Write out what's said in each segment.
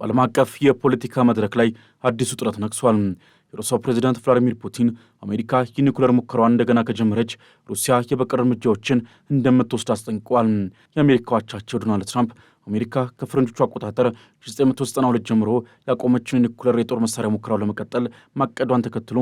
በዓለም አቀፍ የፖለቲካ መድረክ ላይ አዲስ ውጥረት ነግሷል። የሩሲያው ፕሬዚዳንት ቭላዲሚር ፑቲን አሜሪካ የኒኩሌር ሙከራዋን እንደገና ከጀመረች ሩሲያ የበቀል እርምጃዎችን እንደምትወስድ አስጠንቅቋል። የአሜሪካው አቻቸው ዶናልድ ትራምፕ አሜሪካ ከፈረንጆቹ አቆጣጠር 1992 ጀምሮ ያቆመችውን የኒኩሌር የጦር መሳሪያ ሙከራው ለመቀጠል ማቀዷን ተከትሎ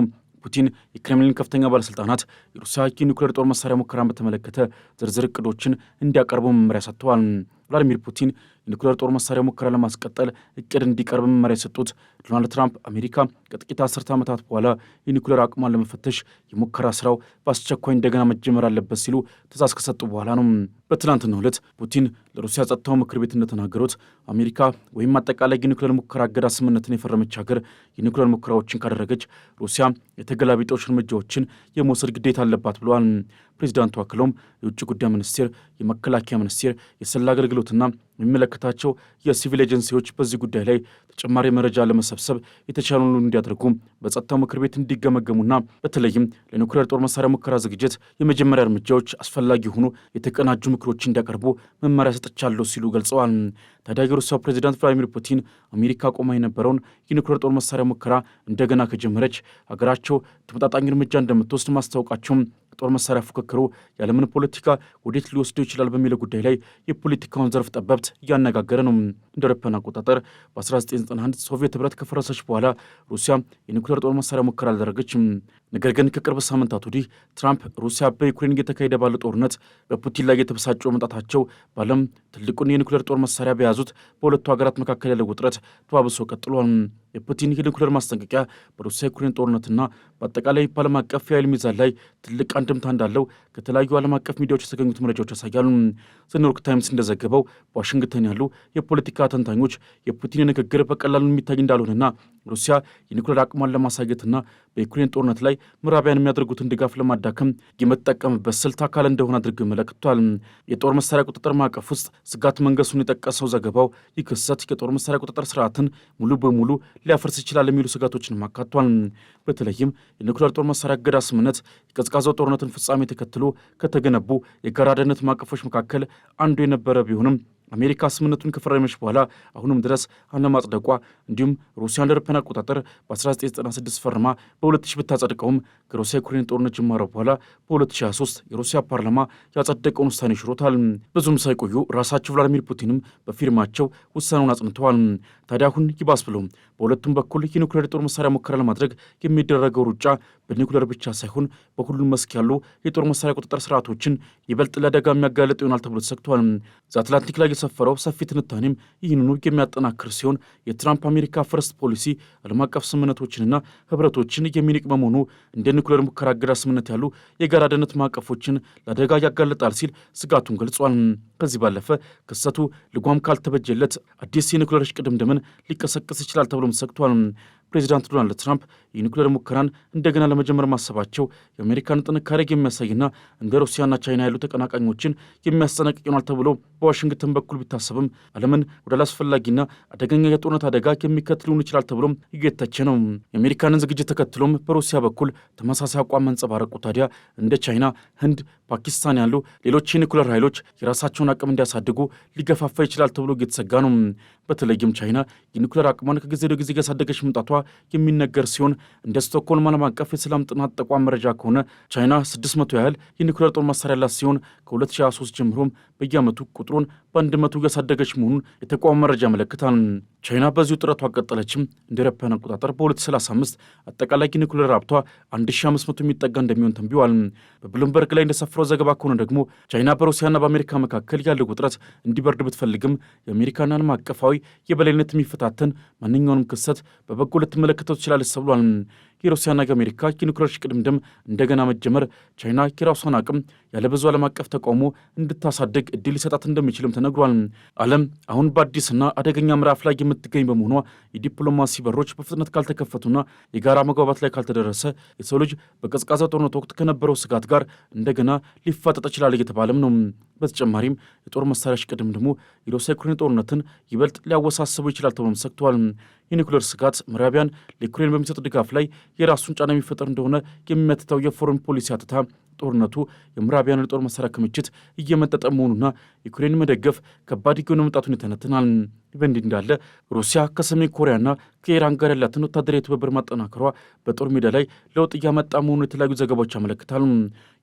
ፑቲን የክሬምሊን ከፍተኛ ባለስልጣናት የሩሲያ የኒኩሌር ጦር መሳሪያ ሙከራን በተመለከተ ዝርዝር እቅዶችን እንዲያቀርቡ መመሪያ ሰጥተዋል። ቭላዲሚር ፑቲን የኒኩሌር ጦር መሳሪያ ሙከራ ለማስቀጠል እቅድ እንዲቀርብ መመሪያ የሰጡት ዶናልድ ትራምፕ አሜሪካ ከጥቂት አስርተ ዓመታት በኋላ የኒኩሌር አቅሟን ለመፈተሽ የሙከራ ስራው በአስቸኳይ እንደገና መጀመር አለበት ሲሉ ትእዛዝ ከሰጡ በኋላ ነው። በትናንትናው ዕለት ፑቲን ለሩሲያ ጸጥታው ምክር ቤት እንደተናገሩት አሜሪካ ወይም አጠቃላይ የኒኩሌር ሙከራ እገዳ ስምምነትን የፈረመች ሀገር የኒኩሌር ሙከራዎችን ካደረገች ሩሲያ የተገላቢጦች እርምጃዎችን የመውሰድ ግዴታ አለባት ብለዋል። ፕሬዚዳንቱ አክለውም የውጭ ጉዳይ ሚኒስቴር፣ የመከላከያ ሚኒስቴር፣ የስለላ አገልግሎትና የሚመለከታቸው የሲቪል ኤጀንሲዎች በዚህ ጉዳይ ላይ ተጨማሪ መረጃ ለመሰብሰብ የተቻለውን እንዲያደርጉ በጸጥታው ምክር ቤት እንዲገመገሙና በተለይም ለኒውክሌር ጦር መሳሪያ ሙከራ ዝግጅት የመጀመሪያ እርምጃዎች አስፈላጊ የሆኑ የተቀናጁ ምክሮች እንዲያቀርቡ መመሪያ ሰጥቻለሁ ሲሉ ገልጸዋል። ታዲያ የሩሲያው ፕሬዚዳንት ቭላዲሚር ፑቲን አሜሪካ ቆማ የነበረውን የኒውክሌር ጦር መሳሪያ ሙከራ እንደገና ከጀመረች ሀገራቸው ተመጣጣኝ እርምጃ እንደምትወስድ ማስታወቃቸውም የጦር መሳሪያ ፉክክሩ የዓለምን ፖለቲካ ወዴት ሊወስደው ይችላል በሚለው ጉዳይ ላይ የፖለቲካውን ዘርፍ ጠበብት እያነጋገረ ነው። እንደ አውሮፓውያን አቆጣጠር በ1991 ሶቪየት ኅብረት ከፈረሰች በኋላ ሩሲያ የኒውክሌር ጦር መሳሪያ ሙከራ አላደረገችም። ነገር ግን ከቅርብ ሳምንታት ወዲህ ትራምፕ ሩሲያ በዩክሬን እየተካሄደ ባለው ጦርነት በፑቲን ላይ የተበሳጩ መምጣታቸው በዓለም ትልቁን የኒውክሌር ጦር መሳሪያ በያዙት በሁለቱ ሀገራት መካከል ያለው ውጥረት ተባብሶ ቀጥሏል። የፑቲን የኒውክሌር ማስጠንቀቂያ በሩሲያ ዩክሬን ጦርነትና በአጠቃላይ በዓለም አቀፍ የኃይል ሚዛን ላይ ትልቅ አንድምታ እንዳለው ከተለያዩ ዓለም አቀፍ ሚዲያዎች የተገኙት መረጃዎች ያሳያሉ። ዘኒውዮርክ ታይምስ እንደዘገበው በዋሽንግተን ያሉ የፖለቲካ ተንታኞች የፑቲን ንግግር በቀላሉ የሚታይ እንዳልሆነና ሩሲያ የኒኩሌር አቅሟን ለማሳየትና በዩክሬን ጦርነት ላይ ምዕራቢያን የሚያደርጉትን ድጋፍ ለማዳከም የምትጠቀምበት ስልት አካል እንደሆነ አድርግ መለክቷል። የጦር መሳሪያ ቁጥጥር ማዕቀፍ ውስጥ ስጋት መንገሱን የጠቀሰው ዘገባው ይህ ክስተት የጦር መሳሪያ ቁጥጥር ስርዓትን ሙሉ በሙሉ ሊያፈርስ ይችላል የሚሉ ስጋቶችንም አካቷል። በተለይም የኒኩሌር ጦር መሳሪያ እገዳ ስምምነት የቀዝቃዛው ጦርነትን ፍጻሜ ተከትሎ ከተገነቡ የጋራ ደህንነት ማዕቀፎች መካከል አንዱ የነበረ ቢሆንም አሜሪካ ስምምነቱን ከፈረመች በኋላ አሁንም ድረስ አለማጽደቋ እንዲሁም ሩሲያ እንደ አውሮፓውያን አቆጣጠር በ1996 ፈርማ በ2000 ብታጸድቀውም ከሩሲያ ዩክሬን ጦርነት ጅማሮ በኋላ በ2023 የሩሲያ ፓርላማ ያጸደቀውን ውሳኔ ሽሮታል። ብዙም ሳይቆዩ ራሳቸው ቭላዲሚር ፑቲንም በፊርማቸው ውሳኔውን አጽንተዋል። ታዲያ አሁን ይባስ ብሎ በሁለቱም በኩል የኒውክሌር የጦር መሳሪያ ሙከራ ለማድረግ የሚደረገው ሩጫ በኒውክሌር ብቻ ሳይሆን በሁሉም መስክ ያሉ የጦር መሳሪያ ቁጥጥር ስርዓቶችን ይበልጥ ለአደጋ የሚያጋለጥ ይሆናል ተብሎ ተሰግቷል። ዘአትላንቲክ ላይ የሰፈረው ሰፊ ትንታኔም ይህንኑ የሚያጠናክር ሲሆን የትራምፕ አሜሪካ ፈርስት ፖሊሲ ዓለም አቀፍ ስምምነቶችንና ህብረቶችን የሚንቅ በመሆኑ እንደ ኒውክሌር ሙከራ እገዳ ስምምነት ያሉ የጋራ ደህንነት ማዕቀፎችን ለአደጋ ያጋለጣል ሲል ስጋቱን ገልጿል። ከዚህ ባለፈ ክስተቱ ልጓም ካልተበጀለት አዲስ የኒውክሌር እሽቅድምድምን ሊቀሰቀስ ይችላል ተብሎም ሰግቷል። ፕሬዚዳንት ዶናልድ ትራምፕ የኒውክሌር ሙከራን እንደገና ለመጀመር ማሰባቸው የአሜሪካን ጥንካሬ የሚያሳይና እንደ ሩሲያና ቻይና ያሉ ተቀናቃኞችን የሚያስጠነቅቅ ይሆናል ተብሎ በዋሽንግተን በኩል ቢታሰብም ዓለምን ወደ አላስፈላጊና አደገኛ የጦርነት አደጋ የሚከትል ሊሆን ይችላል ተብሎም እየተቸ ነው። የአሜሪካንን ዝግጅት ተከትሎም በሩሲያ በኩል ተመሳሳይ አቋም መንጸባረቁ ታዲያ እንደ ቻይና፣ ህንድ፣ ፓኪስታን ያሉ ሌሎች የኒውክሌር ኃይሎች የራሳቸውን አቅም እንዲያሳድጉ ሊገፋፋ ይችላል ተብሎ እየተሰጋ ነው። በተለይም ቻይና የኒውክሌር አቅሟን ከጊዜ ወደ ጊዜ እያሳደገች መምጣቷ የሚነገር ሲሆን እንደ ስቶኮልም ዓለም አቀፍ የሰላም ጥናት ተቋም መረጃ ከሆነ ቻይና 600 ያህል የኒኩሌር ጦር መሳሪያ ያላት ሲሆን ከ2023 ጀምሮም በየዓመቱ ቁጥሩን በ100 እያሳደገች መሆኑን የተቋሙ መረጃ ያመለክታል። ቻይና በዚሁ ጥረቱ አቀጠለችም። እንደ አውሮፓውያን አቆጣጠር በ2035 አጠቃላይ ኒኩሌር ሀብቷ 1500 የሚጠጋ እንደሚሆን ተንቢዋል። በብሉምበርግ ላይ እንደሰፈረው ዘገባ ከሆነ ደግሞ ቻይና በሩሲያና በአሜሪካ መካከል ያለው ውጥረት እንዲበርድ ብትፈልግም የአሜሪካን ዓለም አቀፋዊ የበላይነት የሚፈታተን ማንኛውንም ክስተት በበጎ ልትመለከተው ትችላለች ተብሏል። የሩሲያና የአሜሪካ የኒውክሌር ሽቅድምድም እንደገና መጀመር ቻይና የራሷን አቅም ያለ ብዙ ዓለም አቀፍ ተቃውሞ እንድታሳድግ እድል ሊሰጣት እንደሚችልም ተነግሯል። ዓለም አሁን በአዲስና አደገኛ ምዕራፍ ላይ የምትገኝ በመሆኗ የዲፕሎማሲ በሮች በፍጥነት ካልተከፈቱና የጋራ መግባባት ላይ ካልተደረሰ የሰው ልጅ በቀዝቃዛ ጦርነት ወቅት ከነበረው ስጋት ጋር እንደገና ሊፋጠጥ ይችላል እየተባለም ነው። በተጨማሪም የጦር መሳሪያ ሽቅድምድሙ የሩሲያ ዩክሬን ጦርነትን ይበልጥ ሊያወሳስበው ይችላል ተብሎም ሰግቷል። የኒኩሌር ስጋት ምዕራቢያን ለዩክሬን በሚሰጥ ድጋፍ ላይ የራሱን ጫና የሚፈጠር እንደሆነ የሚመትተው የፎረን ፖሊሲ አትታ ጦርነቱ የምዕራቢያን የጦር መሳሪያ ክምችት እየመጠጠ መሆኑና ዩክሬን መደገፍ ከባድ ጊሆነ መምጣቱን ይተነትናል። በእንዲህ እንዳለ ሩሲያ ከሰሜን ኮሪያና ከኢራን ጋር ያላትን ወታደራዊ ትብብር ማጠናከሯ በጦር ሜዳ ላይ ለውጥ እያመጣ መሆኑ የተለያዩ ዘገባዎች ያመለክታሉ።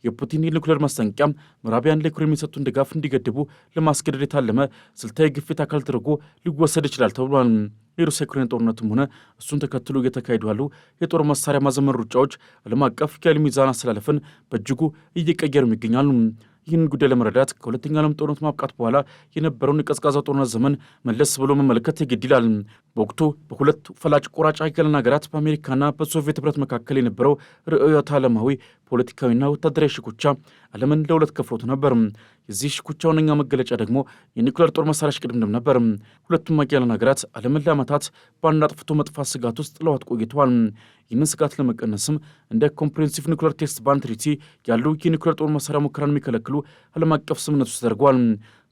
የፑቲን የኒኩሌር ማስጠንቀቂያ ምዕራቢያን ለዩክሬን የሚሰጡን ድጋፍ እንዲገድቡ ለማስገደድ የታለመ ስልታዊ ግፊት አካል ተደርጎ ሊወሰድ ይችላል ተብሏል። የሩሲያ ዩክሬን ጦርነትም ሆነ እሱን ተከትሎ እየተካሄዱ ያሉ የጦር መሳሪያ ማዘመን ሩጫዎች ዓለም አቀፍ የኃይል ሚዛን አስተላለፍን በእጅጉ እየቀየሩ ይገኛሉ። ይህን ጉዳይ ለመረዳት ከሁለተኛ ዓለም ጦርነት ማብቃት በኋላ የነበረውን የቀዝቃዛ ጦርነት ዘመን መለስ ብሎ መመለከት የግድ ይላል። በወቅቱ በሁለት ፈላጭ ቆራጭ ሀያላን ሀገራት በአሜሪካና በሶቪየት ህብረት መካከል የነበረው ርዕዮተ ዓለማዊ ፖለቲካዊና ወታደራዊ ሽኩቻ ዓለምን ለሁለት ከፍሎት ነበር። የዚህ ሽኩቻ ዋነኛ መገለጫ ደግሞ የኒኩሌር ጦር መሳሪያዎች ቅድምድም ነበር። ሁለቱም ሀያላን ሀገራት ዓለምን ለዓመታት በአንድ አጥፍቶ መጥፋት ስጋት ውስጥ ጥለዋት ቆይተዋል። ይህንን ስጋት ለመቀነስም እንደ ኮምፕሬንሲቭ ኒኩሌር ቴስት ባን ትሪቲ ያሉ የኒኩሌር ጦር መሳሪያ ሙከራን የሚከለክሉ ዓለም አቀፍ ስምምነቶች ተደርገዋል።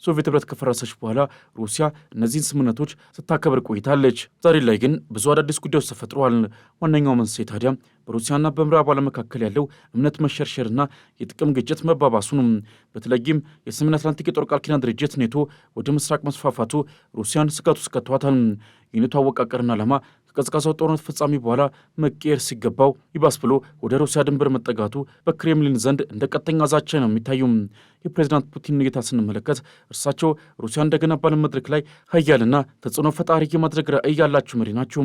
ሶቪየት ህብረት ከፈረሰች በኋላ ሩሲያ እነዚህን ስምምነቶች ስታከብር ቆይታለች። ዛሬ ላይ ግን ብዙ አዳዲስ ጉዳዮች ተፈጥረዋል። ዋነኛው መንስኤ ታዲያ በሩሲያና በምዕራብ ዓለም መካከል ያለው እምነት መሸርሸርና የጥቅም ግጭት መባባሱ ነው። በተለይም የሰሜን አትላንቲክ የጦር ቃል ኪዳን ድርጅት ኔቶ ወደ ምስራቅ መስፋፋቱ ሩሲያን ስጋት ውስጥ ከቷታል። የኔቶ አወቃቀርና ዓላማ ከቀዝቃዛው ጦርነት ፍጻሜ በኋላ መቀየር ሲገባው ይባስ ብሎ ወደ ሩሲያ ድንበር መጠጋቱ በክሬምሊን ዘንድ እንደ ቀጥተኛ ዛቻ ነው የሚታዩም። የፕሬዚዳንት ፑቲን ሁኔታ ስንመለከት እርሳቸው ሩሲያ እንደገና ባለም መድረክ ላይ ሀያልና ተጽዕኖ ፈጣሪ የማድረግ ራዕይ ያላቸው መሪ ናቸው።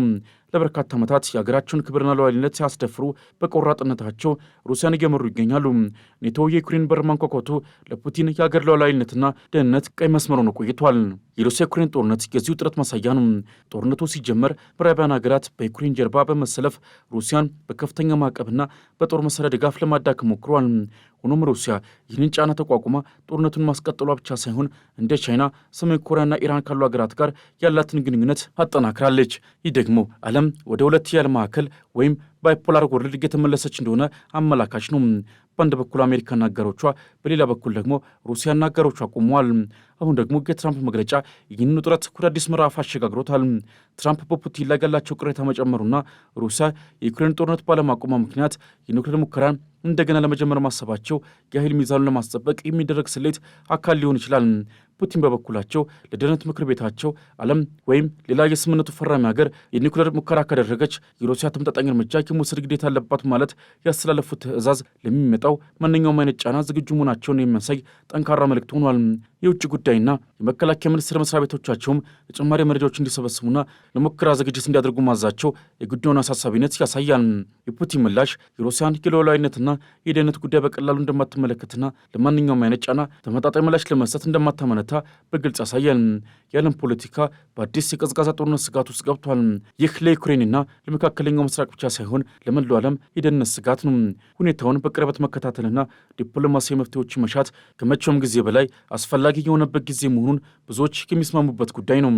ለበርካታ ዓመታት የሀገራቸውን ክብርና ሉዓላዊነት ሲያስደፍሩ በቆራጥነታቸው ሩሲያን እየመሩ ይገኛሉ። ኔቶ የዩክሬን በር ማንኳኳቱ ለፑቲን የሀገር ሉዓላዊነትና ደህንነት ቀይ መስመር ሆኖ ቆይቷል። የሩሲያ ዩክሬን ጦርነት የዚህ ውጥረት ማሳያ ነው። ጦርነቱ ሲጀመር ምዕራባውያን ሀገራት በዩክሬን ጀርባ በመሰለፍ ሩሲያን በከፍተኛ ማዕቀብና በጦር መሳሪያ ድጋፍ ለማዳከም ሞክሯል። ሆኖም ሩሲያ ይህንን ጫና ተቋቁማ ጦርነቱን ማስቀጠሏ ብቻ ሳይሆን እንደ ቻይና፣ ሰሜን ኮሪያና ኢራን ካሉ ሀገራት ጋር ያላትን ግንኙነት አጠናክራለች። ይህ ደግሞ ዓለም ወደ ሁለት ያል ማዕከል ወይም ባይፖላር ወርልድ እየተመለሰች እንደሆነ አመላካች ነው። በአንድ በኩል አሜሪካና አጋሮቿ፣ በሌላ በኩል ደግሞ ሩሲያና አጋሮቿ ቆመዋል። አሁን ደግሞ የትራምፕ መግለጫ ይህንን ውጥረት ወደ አዲስ ምዕራፍ አሸጋግሮታል። ትራምፕ በፑቲን ላይ ያላቸው ቅሬታ መጨመሩና ሩሲያ የዩክሬን ጦርነት ባለማቆሟ ምክንያት የኒውክሌር ሙከራን እንደገና ለመጀመር ማሰባቸው የኃይል ሚዛኑን ለማስጠበቅ የሚደረግ ስሌት አካል ሊሆን ይችላል። ፑቲን በበኩላቸው ለደህንነት ምክር ቤታቸው ዓለም ወይም ሌላ የስምምነቱ ፈራሚ ሀገር የኒውክሌር ሙከራ ካደረገች የሩሲያ ተመጣጣኝ እርምጃ የመውሰድ ግዴታ አለባት ማለት ያስተላለፉት ትዕዛዝ ለሚመጣው ማንኛውም አይነት ጫና ዝግጁ መሆናቸውን የሚያሳይ ጠንካራ መልእክት ሆኗል። የውጭ ጉዳይና የመከላከያ ሚኒስቴር መስሪያ ቤቶቻቸውም ተጨማሪ መረጃዎች እንዲሰበስቡና ለሙከራ ዝግጅት እንዲያደርጉ ማዛቸው የጉዳዩን አሳሳቢነት ያሳያል። የፑቲን ምላሽ የሩሲያን የሉዓላዊነትና የደህንነት ጉዳይ በቀላሉ እንደማትመለከትና ለማንኛውም አይነት ጫና ተመጣጣኝ ምላሽ ለመስጠት እንደማታመነታ በግልጽ ያሳያል። የዓለም ፖለቲካ በአዲስ የቀዝቃዛ ጦርነት ስጋት ውስጥ ገብቷል። ይህ ለዩክሬንና ለመካከለኛው ምስራቅ ብቻ ሳይሆን ለመላው ዓለም የደህንነት ስጋት ነው። ሁኔታውን በቅርበት መከታተልና ዲፕሎማሲያዊ መፍትሄዎችን መሻት ከመቼውም ጊዜ በላይ አስፈላጊ አስፈላጊ የሆነበት ጊዜ መሆኑን ብዙዎች የሚስማሙበት ጉዳይ ነው።